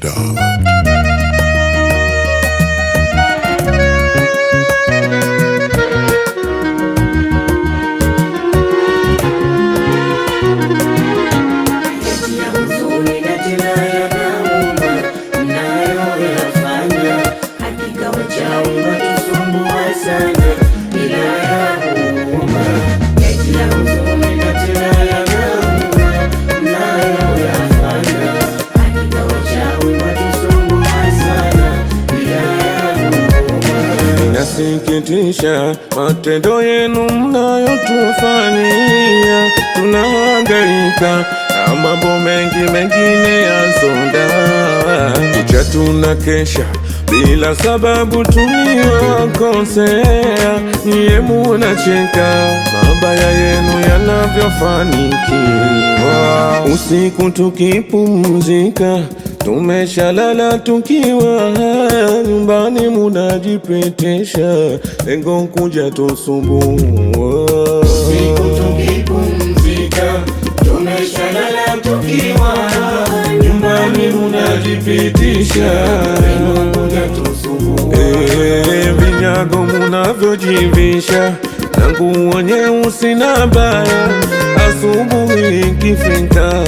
dog. Yanasikitisha matendo yenu mnayotufanyia, tunahangaika na mambo mengi mengine ya sonda. Kucha tunakesha bila sababu tuliyokosea, niye munacheka mabaya yenu yanavyofanikiwa. Usiku tukipumzika Tumeshalala tukiwa nyumbani, munajipetesha lengo kuja tusumbua siku tukiwa munajipitisha lengo kuja tusumbua eh, vinyago munavyojivisha nangu wenye usina baya, asubuhi ikifika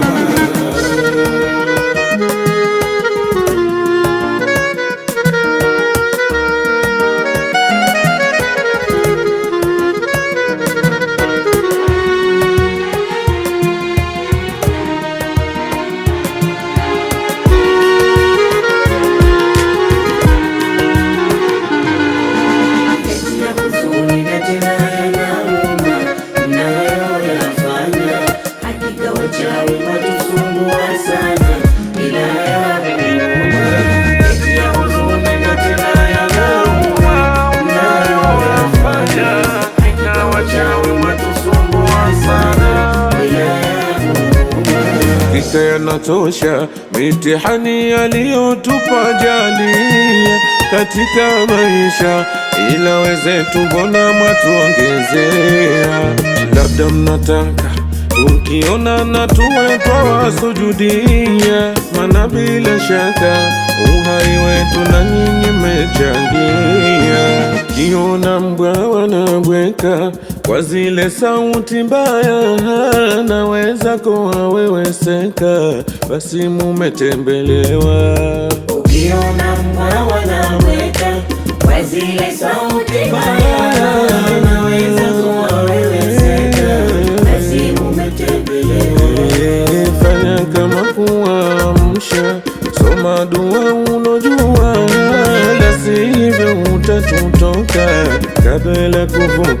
Maisha yanatosha, mitihani yaliyotupa jalia katika maisha, ila wezetu mbona mwatuongezea? Labda mnataka ukiona na tuwe twawasujudia, mana bila shaka uhai wetu na nyinyi mechangia kiona mbwa wanabweka kwa zile sauti mbaya naweza kuwa seka, basi mumetembelewa. Ukiona mbwa wanaweka kwa zile sauti mbaya Fanya kama kuamsha, soma dua unojua, la sivyo utatutoka kabla kuvuka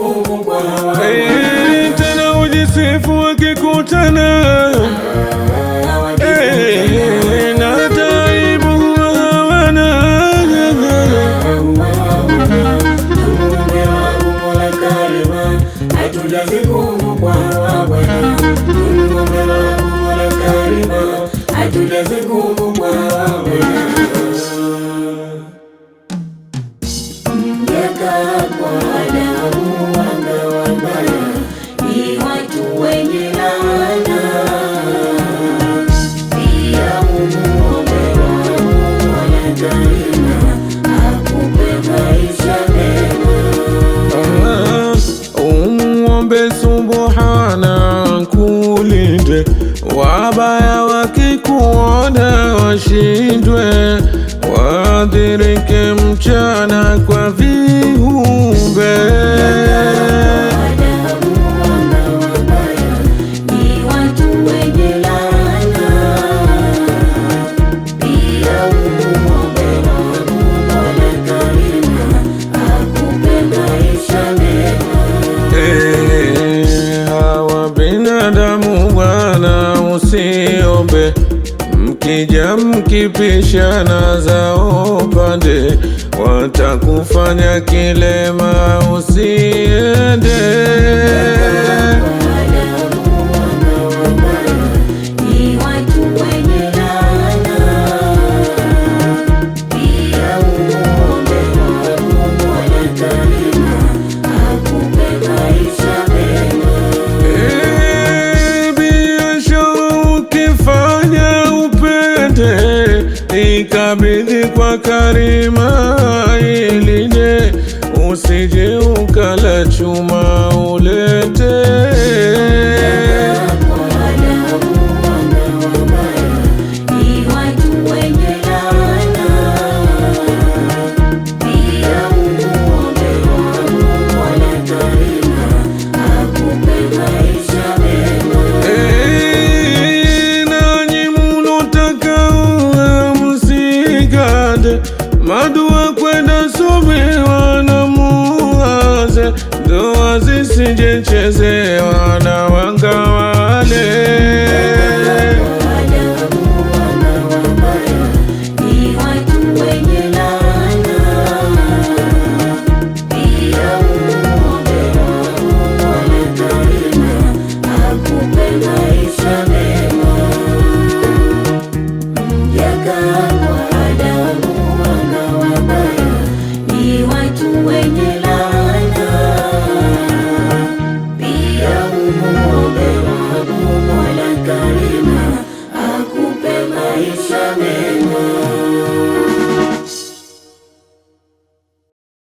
mrefu wakikutana washindwe, waadhirike mchana kwa viumbe wakipishana za upande, watakufanya kilema usiende sé nisijechezea na